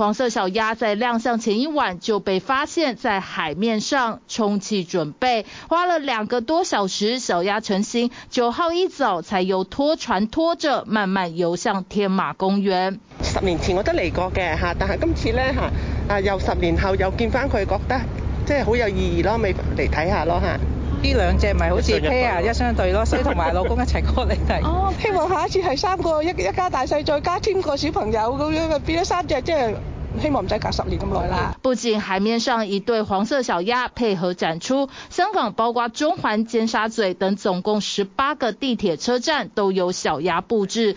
黃色小鴨在亮相前一晚就被發現在海面上充氣準備，花了兩個多小時，小鴨成型。九號一早才由拖船拖着慢慢游向天馬公園。十年前我都嚟過嘅吓，但係今次咧吓啊又十年後又見翻佢，覺得即係好有意義咯，未嚟睇下咯吓。呢兩隻咪好似 pair 一相對咯，所以同埋老公一齊過嚟睇。哦、 oh，希望下一次係三個一一家大細再加添個小朋友咁樣，咪變咗三隻，即係希望唔使隔十年咁耐啦。 不僅海面上一對黃色小鴨配合展出，香港包括中環尖沙咀等總共十八個地鐵車站都有小鴨佈置。